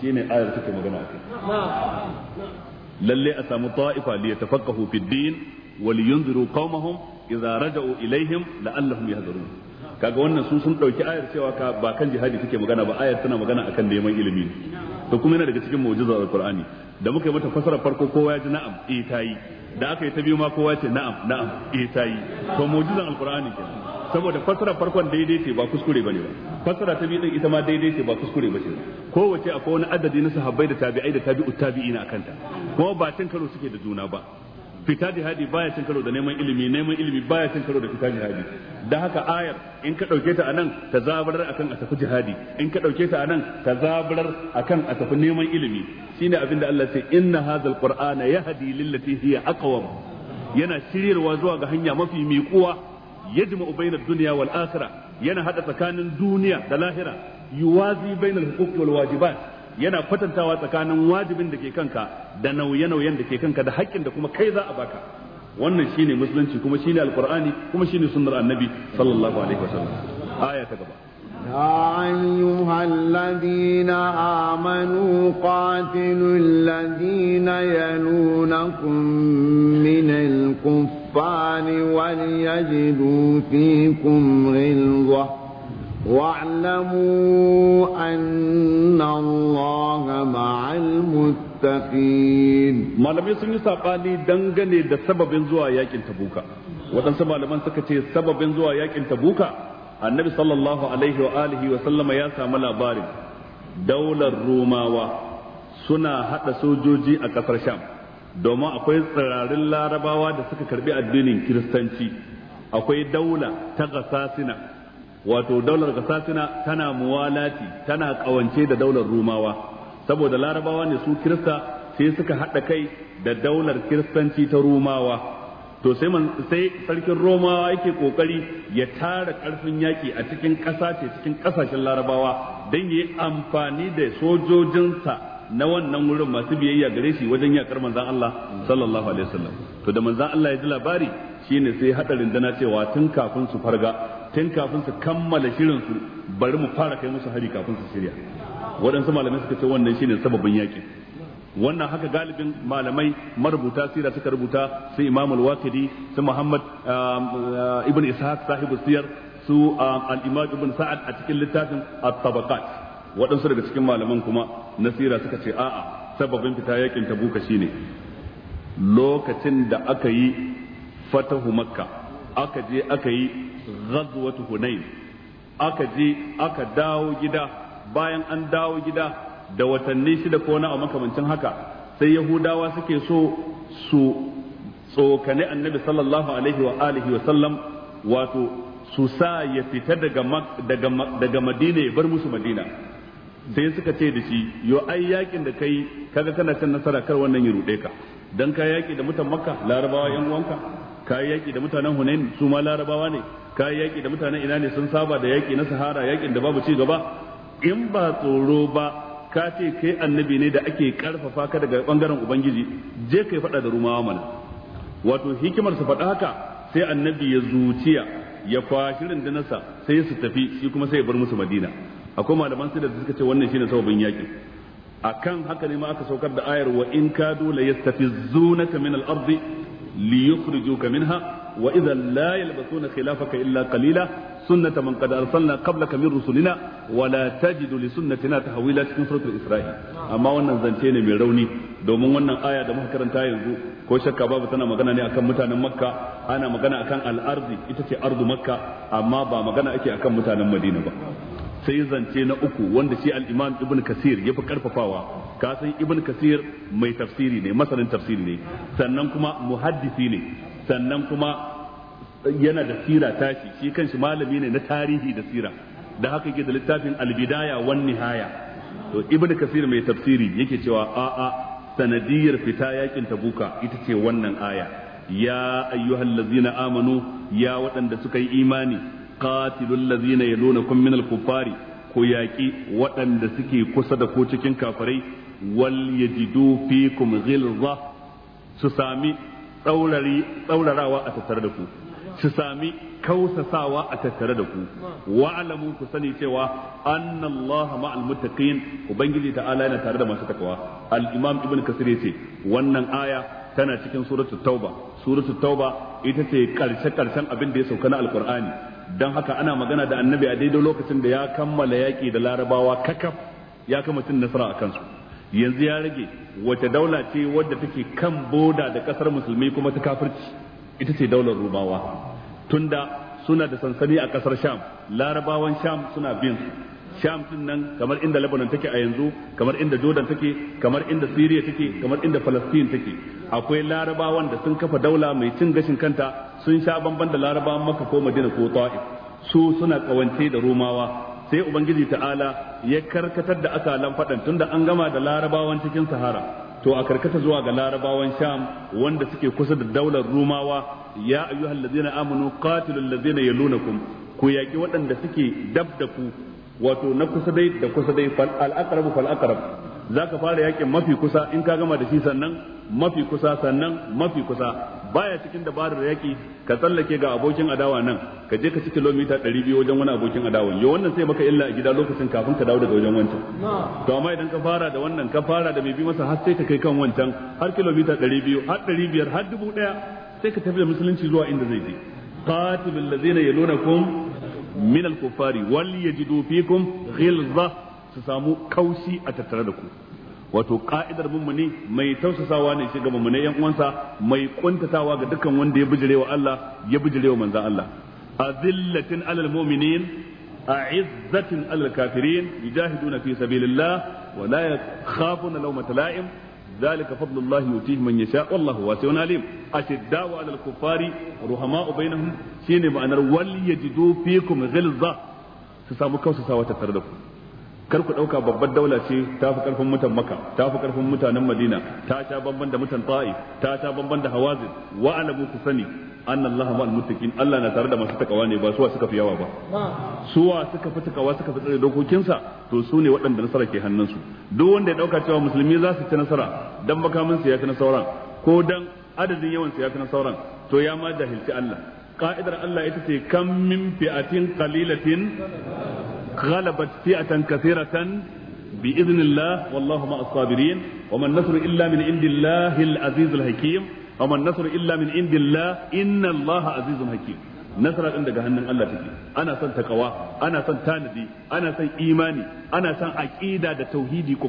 shine ayar take magana akai lalle a samu ta'ifa li yatafaqahu fid din wa li yunziru qaumahum idza raja'u ilaihim la'allahum yahdharun kaga wannan su sun dauki ayar cewa ka ba kan jihadi suke magana ba ayar tana magana akan neman ilimi to kuma yana daga cikin mu'jizar alqur'ani da muka yi mata fasara farko kowa ya ji na'am eh tayi da aka yi ta biyu ma kowa ce na'am na'am eh tayi to mu'jizar alqur'ani ke saboda fasara farkon daidai ce ba kuskure bane ba fasara ta biyu din ita ma daidai ce ba kuskure ba ce kowace akwai wani adadi na sahabbai da tabi'ai da tabi'ut tabi'ina akanta kuma ba tun karo suke da juna ba fita jihadi baya cin karo da neman ilimi neman ilimi baya cin karo da fita jihadi da haka ayar in ka dauke ta anan ta zabarar akan a tafi jihadi in ka dauke ta anan ta zabarar akan a tafi neman ilimi shine abinda Allah ce inna hadzal qur'ana yahdi lillati hiya aqwam yana shiryarwa zuwa ga hanya mafi miƙuwa yajma'u bainad dunya wal akhirah yana hada tsakanin duniya da lahira yuwazi bainal huquqi wal wajibat yana kwatantawa tsakanin wajibin da ke kanka da nauye-nauyen da ke kanka da haƙƙin da kuma kai za a baka wannan shine musulunci kuma shine alqur'ani kuma shine sunnar annabi sallallahu alaihi wasallam aya ta gaba يا أيها الذين آمنوا قاتلوا الذين يلونكم من الكفار وليجدوا فيكم غلظة واعلموا أن الله مع المتقين ما لم يسمي ساقاني دنغني دا سبب انزوا ياك انتبوكا وطن سبب لما سكتي سبب انزوا ياك انتبوكا النبي صلى الله عليه وآله وسلم ياسا ملا بارد دولة روماوة suna haɗa sojoji a ƙasar sham domin akwai tsirarin larabawa da suka karbi addinin kiristanci akwai daula ta gasasina wato daular suna tana muwalati tana kawance da daular rumawa saboda larabawa ne su kirista sai suka haɗa kai da daular kiristanci ta rumawa to sai sai sarkin romawa yake kokari ya tara ƙarfin yaki a cikin ƙasa ce cikin ƙasashen larabawa don yi amfani da sojojinsa na wannan wurin masu biyayya gare shi wajen yakar manzan Allah sallallahu alaihi wasallam to da manzan Allah ya ji labari shine sai hadarin dana cewa tun kafin su farga tun kafin su kammala shirinsu bari mu fara kai musu hari kafin su shirya waɗansu malamai suka ce wannan shine sababin yakin wannan haka galibin malamai marubuta sira suka rubuta su imam al-waqidi su muhammad um, uh, ibn ishaq sahibu siyar su um, al-imam ibn sa'ad a cikin littafin at-tabaqat waɗansu daga cikin malaman kuma na sira suka ce a'a sababin fita yakin tabuka shine lokacin da aka yi fatahu makka aka je aka yi ghazwatu hunain aka je aka dawo gida bayan an dawo gida da watanni shida ko na makamancin haka sai yahudawa suke so su tsokane annabi sallallahu alaihi wa alihi wa sallam wato su sa ya fita daga daga madina ya bar musu madina sai suka ce da shi yo ai yakin da kai kaga kana cin nasara kar wannan ya rude ka dan ka yaki da mutan makka larabawa yan uwanka ka yi yaƙi da mutanen hunain su ma larabawa ne ka yi yaƙi da mutanen ina ne sun saba da yaƙi na sahara yaƙin da babu ci gaba in ba tsoro ba ka ce kai annabi ne da ake karfafa ka daga bangaren ubangiji je kai faɗa da rumawa mana wato hikimar su faɗa haka sai annabi ya zuciya ya kwashi rundunarsa sai su tafi shi kuma sai ya bar musu madina akwai malaman su da suka ce wannan shine sababin yaƙi akan haka ne ma aka saukar da ayar wa in kadu la yastafizunaka min al-ardi ليخرجوك منها وإذا لا يلبسون خلافك إلا قليلا سنة من قد أرسلنا قبلك من رسلنا ولا تجد لسنتنا تحويلا cikin suratul Isra'i amma wannan zance ne mai rauni domin wannan aya da muka yanzu ko shakka babu tana magana ne akan mutanen Makka ana magana akan al'arzi ita ce ardu Makka amma ba magana ake akan mutanen Madina ba sai zance na uku wanda shi al-Imam Ibn Kasir ya fi karfafawa ka san ibn kasir mai tafsiri ne masanin tafsiri ne sannan kuma muhaddisi ne sannan kuma yana da sira tashi shi kanshi malami ne na tarihi da sira da haka yake da littafin albidaya wan nihaya to ibn kasir mai tafsiri yake cewa a a sanadiyar fita yakin tabuka ita ce wannan aya ya lazina amanu ya waɗanda suka yi imani qatilul ladzina yalunakum minal kuffari ko yaƙi waɗanda suke kusa da ko cikin kafirai wal yajidu fikum ghilza su sami tsaurarawa a tattare da ku su sami kausasawa a tattare da ku wa'alamu ku sani cewa anna allaha ma'al muttaqin ubangiji ta'ala yana tare da masu takawa al imam ibn kasir yace wannan aya tana cikin suratul tauba suratul tauba ita ce karshe karshen abin da ya sauka na alqur'ani dan haka ana magana da annabi a daidai lokacin da ya kammala yaki da larabawa kakaf ya kama cin nasara a kansu yanzu ya rage wace daula ce wadda take kan boda da kasar musulmi kuma ta kafirci ita ce daular rumawa tunda suna da sansani a kasar sham larabawan sham suna bin sham din nan kamar inda lebanon take a yanzu kamar inda jordan take kamar inda syria take kamar inda palestine take akwai larabawan da sun kafa daula mai cin gashin kanta sun sha bamban da larabawan maka ko madina ko ta'if su suna kawance da rumawa sai ubangiji ta'ala ya karkatar da asalan faɗan tunda an gama da larabawan cikin sahara to a karkata zuwa ga larabawan sham wanda suke kusa da daular rumawa ya ayyuhal ladzina amanu qatilul ladzina yalunakum ku yaki waɗanda suke dab ku wato na kusa dai da kusa dai fal al aqrab fal aqrab zaka fara yakin mafi kusa in ka gama da shi sannan mafi kusa sannan mafi kusa baya cikin dabarar yaki ka tsallake ga abokin adawa nan ka je ka ci kilomita 200 wajen wani abokin adawa yo wannan sai maka illa a gida lokacin kafin ka dawo daga wajen wancan to amma idan ka fara da wannan ka fara da mai bi masa har sai ka kai kan wancan har kilomita 200 har 500 har ɗaya sai ka tafi da musulunci zuwa inda zai je qatilul ladzina yalunakum min al-kuffari wal yajidu fikum ghilza su samu kausi a tattare da ku wato ka'idar mummuni mai tausasawa ne shiga mummune yan uwansa mai kuntatawa ga dukkan wanda ya wa Allah ya wa manzon Allah azillatin alal mu'minin a'izzatin alal kafirin yujahiduna fi sabilillah wa la yakhafuna lawmata la'im ذلك فضل الله يؤتيه من يشاء والله واسع عليم أشداء على الكفار رحماء بينهم شين معنى وليجدوا فيكم غلظة تسامو كوسا سوا kar ku ɗauka babbar daula ce ta fi ƙarfin mutan maka ta fi ƙarfin mutanen madina ta sha bamban da mutan ta'i ta sha bamban da hawazin wa alamu ku sani anna allaha ma'al muttaqin allah na tare da masu takawa ne ba suwa suka fi yawa ba suwa suka fi takawa suka fi tsare dokokinsa to su ne waɗanda nasara ke hannunsu duk wanda ya ɗauka cewa musulmi za su ci nasara dan makamin ya fi na sauran ko dan adadin yawan ya fi na sauran to ya ma jahilci allah ka'idar allah ita ce kam min fi'atin qalilatin غلبت فئة كثيرة بإذن الله والله مع الصابرين وما النصر إلا من عند الله العزيز الحكيم وما النصر إلا من عند الله إن الله عزيز حكيم daga hannun Allah take ana son takawa ana son tanadi ana son imani ana son aqida da tauhidi ko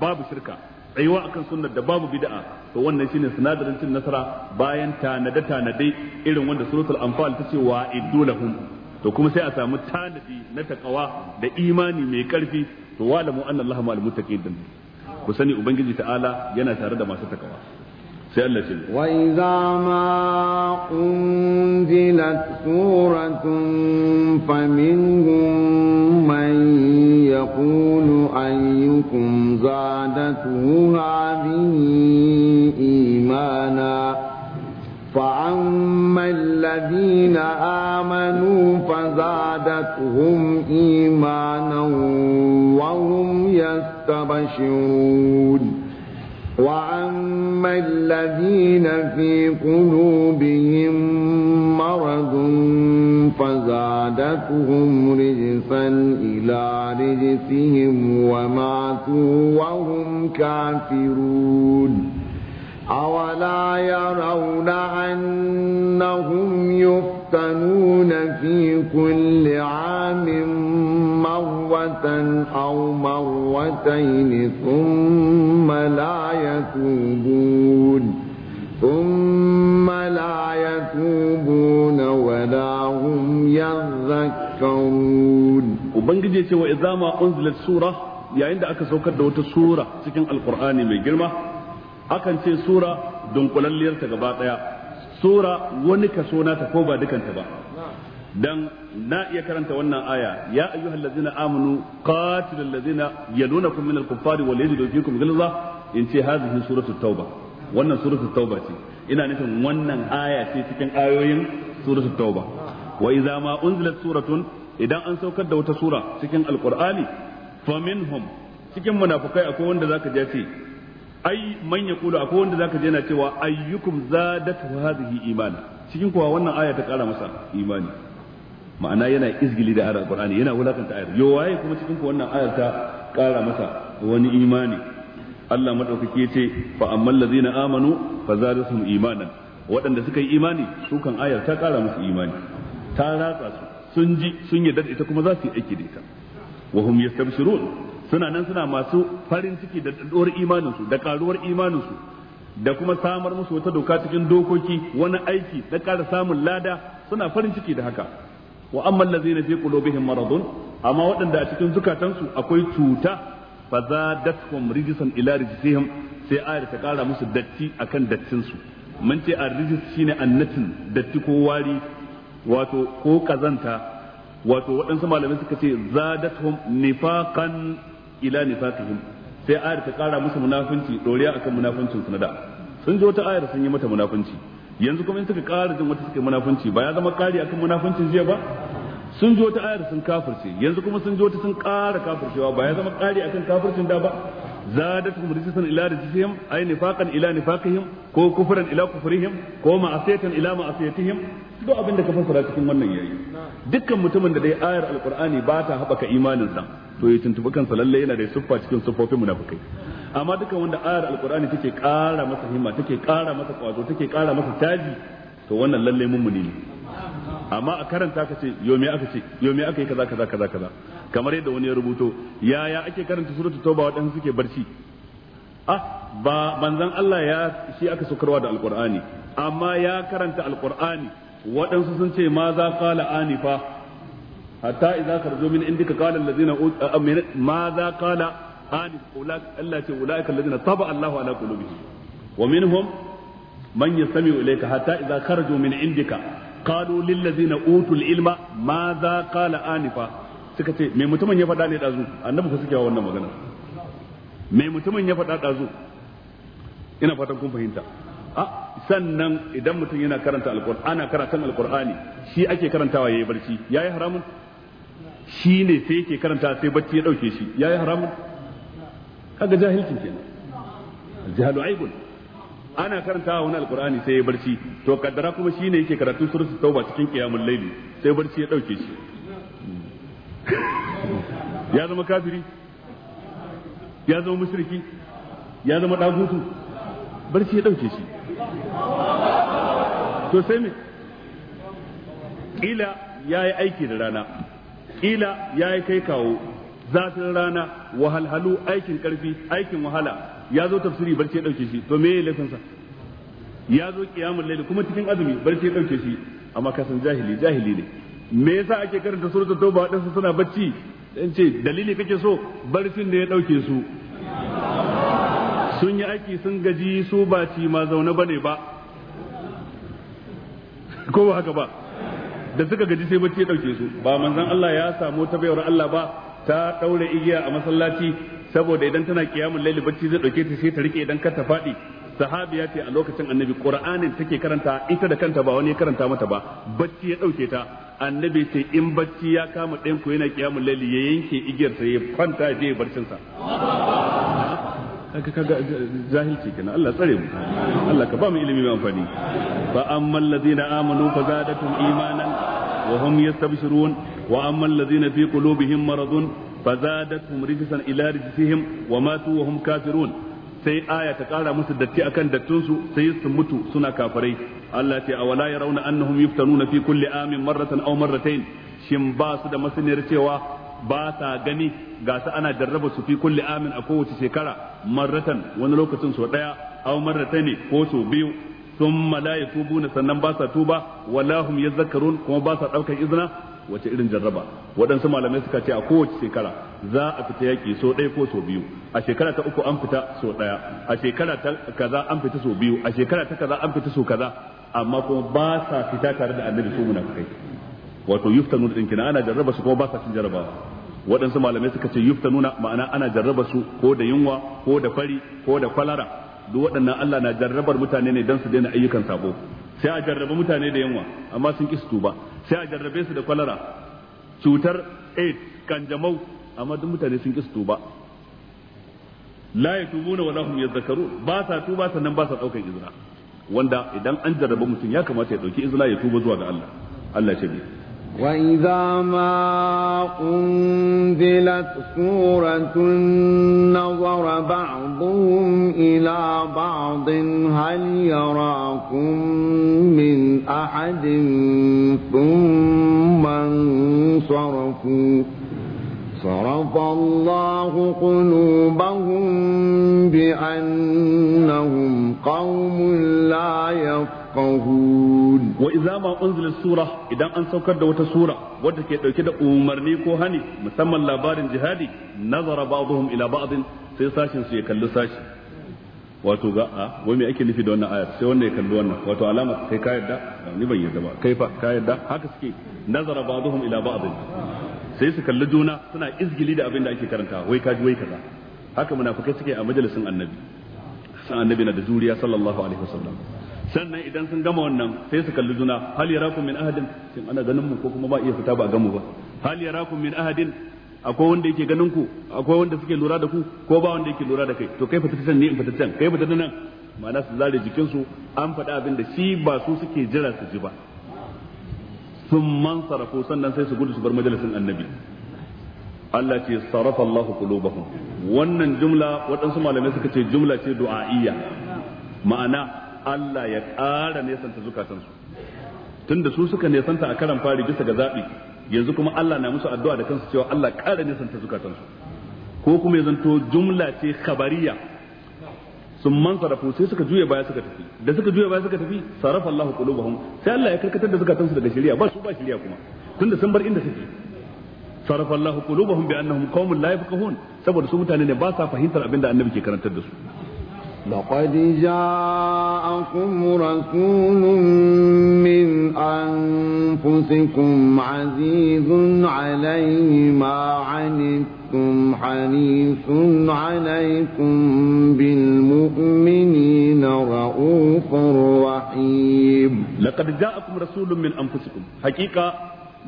babu shirka aiwa akan sunnar da babu bid'a to wannan shine sinadarin cin nasara bayan tanade tanade irin wanda suratul anfal tace wa idulahum to kuma sai a samu tanadi na takawa da imani mai ƙarfi, to wala mu annallahu ma'al muttaqin dan ku sani ubangiji ta'ala yana tare da masu takawa sai Allah ce wa idza ma unzilat suratun faminhum man yaqulu ayyukum zadatu hadhihi imana fa'amma الذين آمنوا فزادتهم إيمانا وهم يستبشرون وأما الذين في قلوبهم مرض فزادتهم رجسا إلى رجسهم وماتوا وهم كافرون أولا يرون أنهم يفتنون في كل عام مرة أو مرتين ثم لا يتوبون ثم لا يتوبون ولا هم يذكرون وبنجي سوى إذا ما أنزلت سورة يعني عندك سوكت دوت سورة سكن القرآن من akan ce sura dunkulalliyar ta gaba daya sura wani kaso ta ko ba dukanta ba dan na iya karanta wannan aya ya ayyuhal ladzina amanu qatilul ladzina yalunakum minal kuffari wal yajidu fikum ghilza in ce hadhihi suratul tauba wannan suratul tauba ce ina nufin wannan aya ce cikin ayoyin suratul tauba wa idza ma unzilat suratun idan an saukar da wata sura cikin alqur'ani faminhum cikin munafikai akwai wanda zaka je ce ai man kula akwai wanda zaka je na cewa ayyukum zadatu hadhihi imana cikin kuwa wannan aya ta kara masa imani ma'ana yana izgili da ayar qur'ani yana wulakanta ayar yo waye kuma cikin kuwa wannan ayar ta kara masa wani imani Allah madaukaki yace fa ammal ladina amanu fa zadatuhum imanan waɗanda suka yi imani su kan ayar ta kara musu imani ta ratsa su sun ji sun yarda ita kuma za su yi aiki da ita wa hum yastabshirun suna nan suna masu farin ciki da ɗaɗɗuwar imaninsu da ƙaruwar imaninsu da kuma samar musu wata doka cikin dokoki wani aiki da ƙara samun lada suna farin ciki da haka wa amma allazina fi qulubihim maradun amma waɗanda a cikin zukatansu akwai cuta fa zadatkum rijsan ila rijsihim sai ayar ta ƙara musu datti akan dattinsu mun ce ar shi shine annatin datti ko wari wato ko kazanta wato waɗansu malamai suka ce zadathum nifaqan ila nifaqihim sai ayar ta kara musu munafunci doriya akan munafuncin su na da sun ji wata ayar sun yi mata munafunci yanzu kuma in suka kara jin wata suka munafunci ba ya zama kari akan munafuncin jiya ba sun ji wata ayar sun kafirce yanzu kuma sun ji wata sun kara kafircewa ba ya zama kari akan kafircin da ba zadatuhum rijsan ila rijsihim ay nifaqan ila nifaqihim ko kufran ila kufrihim ko ma'asiyatan ila ma'asiyatihim duk abin da ka fassara cikin wannan yayi dukkan mutumin da dai ayar alqur'ani ba ta habaka imaninsa to ya tuntubi kansa lalle yana da siffa cikin siffofin munafikai amma dukkan wanda ayar alqur'ani take ƙara masa himma take ƙara masa kwazo take ƙara masa taji to wannan lalle mummuni ne amma a karanta ka ce yo me aka ce yomi aka yi kaza kaza kaza kaza kamar yadda wani ya rubuto yaya ake karanta suratul tauba waɗansu suke barci ah ba manzon Allah ya shi aka saukarwa da alqur'ani amma ya karanta alqur'ani waɗansu sun ce ma za qala anifa hatta idza kharaju min indika qala allazina ma za qala ani Allah ce ulaka allazina taba Allahu ala qulubihim wa minhum man yastami'u ilayka hatta idza kharaju min indika qalu lil ladzina utul ilma ma za qala anifa suka ce me mutumin ya faɗa ne dazu annabi ku suke wannan magana me mutumin ya faɗa dazu ina fatan kun fahimta a sannan idan mutum yana karanta alqur'ani ana karatun alqur'ani shi ake karantawa yayi barci yayi haramun shi ne sai yake karanta sai bacci ya dauke shi yayi haramun kaga jahilcin kenan jahalu aibun ana karanta wani alkur'ani sai ya barci to kaddara kuma shine yake karatu suratul tauba cikin kiyamul laili sai barci ya dauke shi ya zama kafiri ya zama mushriki ya zama dagutu barci ya dauke shi to sai me kila yayi aiki da rana kila yayi kai kawo zafin rana wahalhalu aikin karfi aikin wahala ya zo tafsiri barci ya dauke shi to me ya laifin ya zo qiyamul laili kuma cikin azumi barci ya dauke shi amma ka san jahili jahili ne me yasa ake karanta suratul tauba wadansu suna barci? dan ce dalili kake so barcin da ya dauke su sun yi aiki sun gaji su ba ci ma zaune bane ba ko ba haka ba da suka gaji sai barci ya dauke su ba manzon Allah ya samu ta Allah ba ta daure igiya a masallaci saboda idan tana kiyamul laili bacci zai dauke ta sai ta rike idan kar ta fadi sahabiya ce a lokacin annabi qur'anin take karanta ita da kanta ba wani ya karanta mata ba bacci ya dauke ta annabi ce in bacci ya kama ɗayan ku yana kiyamul laili ya yanke igiyar sa ya kwanta ya je barcin sa kaga kaga jahilci kenan Allah tsare mu Allah ka ba mu ilimi mai amfani fa ammal ladina amanu fa zadatuhum imanan wa hum yastabshirun wa ammal ladina fi qulubihim maradun fazadatum rijsan ila rijsihim wa matu wa hum kafirun sai aya ta kara musu datti akan dattinsu sai su mutu suna kafirai Allah ce awala yarawna annahum yuftanuna fi kulli amin marratan aw marratayn shin ba su da masaniyar cewa ba sa gani ga su ana jarraba su fi kulli amin a kowace shekara marratan wani lokacin so daya aw marratayn ko su biyu thumma la yatubuna sannan ba sa tuba wala hum yazakkarun kuma ba sa daukar izina wace irin jarraba waɗansu malamai suka ce a kowace shekara za a fita yaƙi so ɗaya ko so biyu a shekara ta uku an fita so ɗaya a shekara ta kaza an fita so biyu a shekara ta kaza an fita so kaza amma kuma ba sa fita tare da annabi su munafikai wato yuftanu din na ana jarraba su kuma ba sa cin jarrabawa waɗansu malamai suka ce yuftanuna ma'ana ana jarraba su ko da yunwa ko da fari ko da kwalara duk waɗannan Allah na jarrabar mutane ne don su daina ayyukan sabo sai a jarrabe mutane da yunwa amma sun ki su tuba sai a jarrabe su da kwalara cutar aids kanjamau amma duk mutane sun ki su tuba la tubuna wala hum yadhakkarun ba sa tuba sannan ba sa daukar izra wanda idan an jarrabe mutum ya kamata ya dauki izra ya tuba zuwa ga Allah Allah ya ce وإذا ما أنزلت سورة نظر بعضهم إلى بعض هل يراكم من أحد ثم انصرفوا صرف الله قلوبهم بأنهم قوم لا يفقهون وإذا ما أنزل السورة إذا أن سوكر دوت سورة ودك كده أمرني كوهني مسمى لابار جهادي نظر بعضهم إلى بعض سيساشن سيكل ساشن wato ga a wai me ake nufi da wannan ayar sai wanda ya kalli wannan wato alama kai ka ni bai yarda ba kai fa ka haka suke nazara ba'dhum ila ba'd sai su kalli juna suna izgili da abin da ake karanta wai kaji wai kaza haka munafikai suke a majalisin annabi san annabi na da juriya sallallahu alaihi wasallam sannan idan sun gama wannan sai su kalli juna hal yarakum min ahadin shin ana ganin mu ko kuma ba iya fita ba gamu ba hal yarakum min ahadin akwai wanda yake ganin ku akwai wanda suke lura da ku ko ba wanda yake lura da kai to kai fitaccen ne in fitaccen kai fitaccen nan ma'ana su zare jikinsu an faɗa abin da shi ba su suke jira su ji ba sun man sannan sai su gudu su bar majalisin annabi Allah ce sarrafa Allah qulubahum wannan jumla waɗansu malamai suka ce jumla ce du'a'iyya ma'ana Allah ya ƙara nesanta zukatansu tunda su suka nesanta a karan fari bisa ga zaɓi yanzu kuma Allah na musu addu'a da kansu cewa Allah ƙara nesanta zukatansu ko kuma ya zanto jumla ce khabariya sun man sarafu sai suka juya baya suka tafi da suka juya baya suka tafi sarafa Allah qulubahum sai Allah ya karkatar da zakatun su daga shari'a ba su ba shari'a kuma tunda sun bar inda suke sarafa Allah qulubahum bi annahum qaumun la yafqahun saboda su mutane ne ba sa fahimtar abinda annabi ke karantar da su لقد جاءكم رسول من أنفسكم عزيز عليه ما عنتم حنيف عليكم بالمؤمنين رؤوف رحيم لقد جاءكم رسول من أنفسكم حقيقة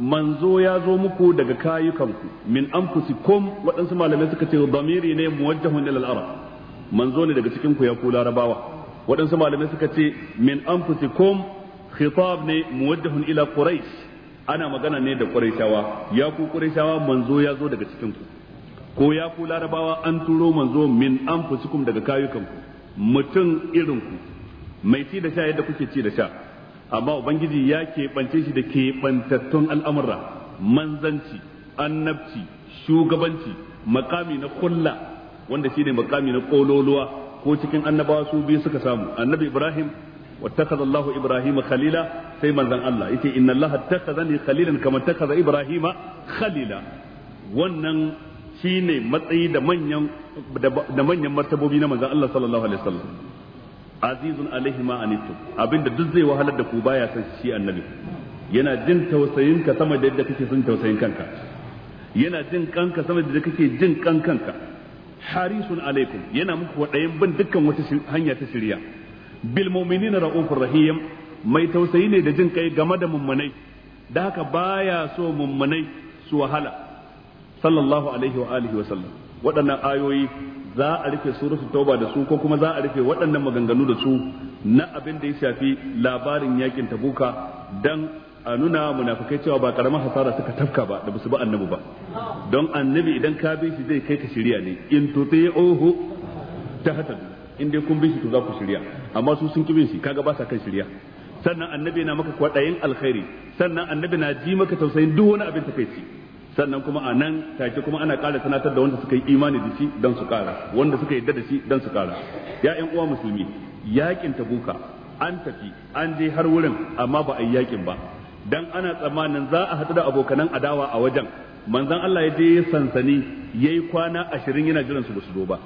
manzo ya zo muku daga kayukanku min anfusikum waɗansu malamai suka ce zamiri ne muwajjahun ilal arab manzo ne daga cikin ku ya ku larabawa waɗansu malamai suka ce min anfusikum khitab ne muwaddahun ila quraish ana magana ne da quraishawa ya ku quraishawa manzo ya zo daga cikin ku ko ya ku larabawa an turo manzo min anfusikum daga kayukanku mutum irin ku mai ci da sha yadda kuke ci da sha amma ubangiji ya keɓance shi da keɓantattun al'amura manzanci annabci shugabanci makami na kulla wanda shine makami na kololuwa ko cikin annabawa su biyu suka samu annabi ibrahim واتخذ الله ابراهيم Khalila sai manzon Allah yace inna Allah takhazani khalilan kama takhaza Ibrahima khalila wannan shine matsayi da manyan da manyan martabobi na manzon Allah sallallahu alaihi wasallam azizun alaihi ma anitu abinda duk zai wahalar da ku baya san shi annabi yana jin tausayin ka sama da yadda kake son tausayin kanka yana jin kanka sama da yadda kake jin kan kanka harisun alaikum yana muku wadayin bin dukkan wata hanya ta shirya bil mu'minina raufur rahim mai tausayi ne da jin kai game da mummunai da haka baya so mummunai su wahala sallallahu alaihi wa alihi wa sallam waɗannan ayoyi za a rufe suratul tauba da su ko kuma za a rufe waɗannan maganganu da su na abin da ya shafi labarin yakin tabuka dan a nuna munafikai cewa ba karamar hasara suka tafka ba da su ba annabi ba don annabi idan ka bi shi zai kai ka shirya ne in ta tahtad in dai kun bi shi to za ku shirya amma su sun ki shi kaga ba sa kan shirya sannan annabi na maka kwadayin alkhairi sannan annabi na ji maka tausayin duk wani abin takeici sannan kuma a nan take kuma ana ƙara sanatar da wanda suka yi imani da shi don su ƙara wanda suka yarda da shi don su ƙara ya ƴan uwa musulmi yakin tabuka an tafi an je har wurin amma ba a yi yakin ba dan ana tsammanin za a hadu da abokanan adawa a wajen manzon Allah ya je sansani yayi kwana ashirin yana jiran su ba su zo ba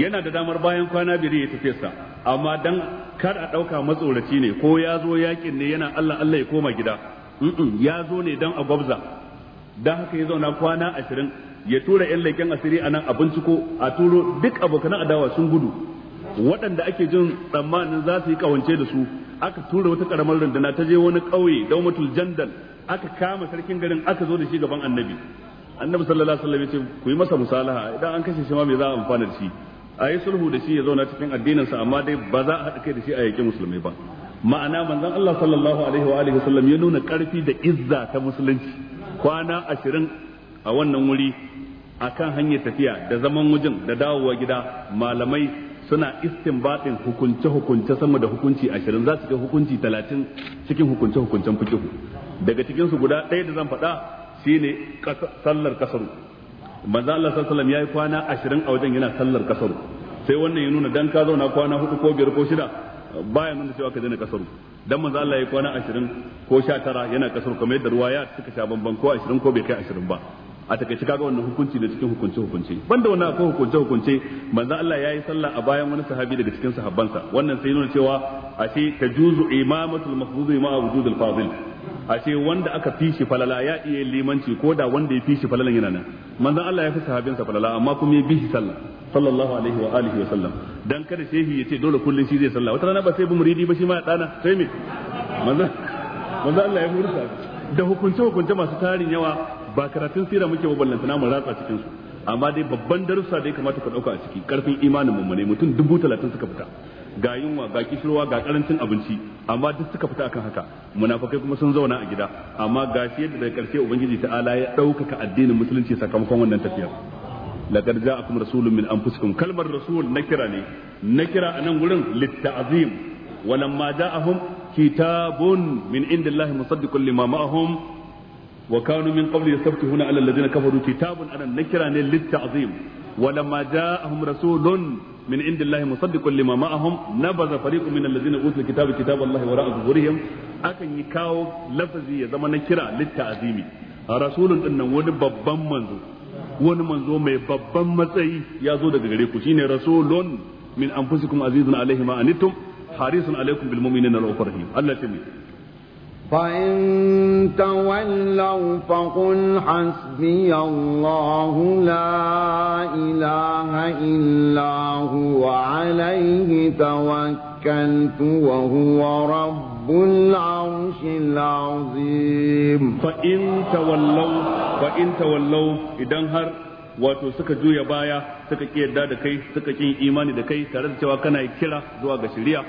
yana da damar bayan kwana biyar ya tafi sa amma dan kar a ɗauka matsoraci ne ko ya zo yakin ne yana Allah Allah ya koma gida ya zo ne dan a gwabza dan haka ya zauna kwana ashirin ya tura yan laikin asiri a nan ko a turo duk abokanan adawa sun gudu waɗanda ake jin tsammanin za su yi kawance da su aka tura wata karamar runduna ta je wani ƙauye daumatul jandal aka kama sarkin garin aka zo da shi gaban annabi annabi sallallahu alaihi wasallam ya ce ku yi masa musalaha idan an kashe shi ma me za a amfana da shi a yi sulhu da shi ya zauna cikin addininsa amma dai ba za a haɗa kai da shi a yaƙi musulmai ba ma'ana manzon Allah sallallahu alaihi wa alihi wasallam ya nuna ƙarfi da izza ta musulunci kwana ashirin a wannan wuri akan hanyar tafiya da zaman wajen da dawowa gida malamai suna baɗin hukunce hukunce sama da hukunci ashirin za su kai hukunci talatin cikin hukunce hukuncen fikihu daga cikin guda ɗaya da zan faɗa shine sallar kasaru manzo Allah sallallahu alaihi yayi kwana ashirin a wajen yana sallar kasaru sai wannan ya nuna dan ka zauna kwana hudu ko biyar ko shida baya nuna cewa ka daina kasaru dan manzo Allah yayi kwana ashirin ko sha tara yana kasaru kamar yadda ruwaya suka sha bamban ko ashirin ko bai kai ashirin ba a takaice kaga wannan hukunci da cikin hukunce hukunce banda wannan akwai hukunce hukunce manzo Allah yayi sallah a bayan wani sahabi daga cikin sahabbansa wannan sai nuna cewa ashe tajuzu imamatul mahfuzi ma wujudul fadil ashe wanda aka fi shi falala ya iya limanci ko da wanda ya fi shi falalan yana nan manzo Allah ya fi sahabinsa falala amma kuma ya bi shi sallah sallallahu alaihi wa alihi wa sallam dan kada shehi ya ce dole kullun shi zai sallah wata rana ba sai bi muridi ba shi ma ya dana sai me manzo manzo Allah ya furta da hukunce hukunce masu tarin yawa ba karatun sira muke ba ballantana ratsa cikin su amma dai babban darussa da ya kamata ka dauka a ciki karfin imanin mummune mutum dubu talatin suka fita ga yunwa ga kishirwa ga karancin abinci amma duk suka fita akan haka munafakai kuma sun zauna a gida amma shi yadda daga karshe ubangiji ta'ala ya ɗaukaka addinin musulunci sakamakon wannan tafiyar laqad ja'akum rasulun min anfusikum kalmar rasul nakira ne nakira anan gurin litta'zim walamma ja'ahum kitabun min indillahi musaddiqun lima ma'ahum wa kanu min qabli yastabtihuna ala alladhina kafaru kitabun anan nakira ne litta'zim wa lamma ja'ahum rasulun min a musaddiqun na ma'ahum nabaza fariqun min alladhina utul kitaba kitaballahi wara'a zuhurihim akan yi kawo lafazi ya zama nakira litta'zimi rasulun din wani babban manzo wani manzo mai babban matsayi ya zo daga gare ku shine rasulun min anfusikum azizun Allah فإن تولوا فقل حسبي الله لا إله إلا هو عليه توكلت وهو رب العرش العظيم فإن تولوا فإن تولوا إذا هر wato suka juya baya suka ki yadda da kai suka kin imani da kai tare da cewa kana kira zuwa ga shari'a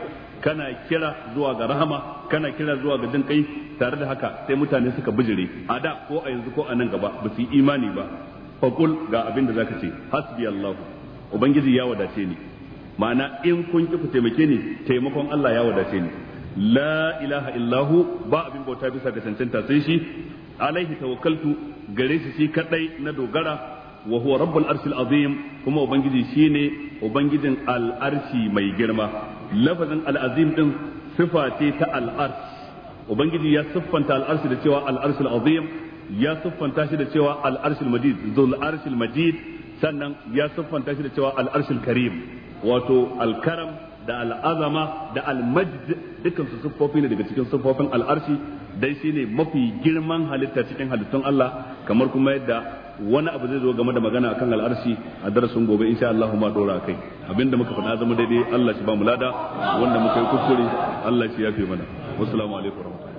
kana kira zuwa ga rahama kana kira zuwa ga jin kai tare da haka sai mutane suka bijire a da ko a yanzu ko a nan gaba ba su yi imani ba Faƙul ga abin da zaka ce hasbi Allah ubangiji ya wadace ni ma'ana in kun ki ku taimake ni taimakon Allah ya wadace ni la ilaha illahu ba abin bauta bisa ga cancanta sai shi alaihi tawakkaltu gare shi shi kadai na dogara wa huwa rabbul arshil azim kuma ubangiji shine ubangijin al'arshi mai girma lafazin al'azim din sifa ta al'arsh ubangiji ya siffanta al'arshi da cewa al'arshil azim ya siffanta shi da cewa al'arshil majid zul arshil sannan ya siffanta shi da cewa al'arshil karim wato alkaram da al'azama da almajd dukkan su siffofi ne daga cikin siffofin al'arshi dai shine mafi girman halitta cikin halittun Allah kamar kuma yadda wani abu zai zo game da magana akan al'arshi a darasin gobe insha Allah ma dora kai abinda muka faɗa zama daidai Allah shi ba mu lada wanda muka yi kuskure Allah shi yafe mana wassalamu alaikum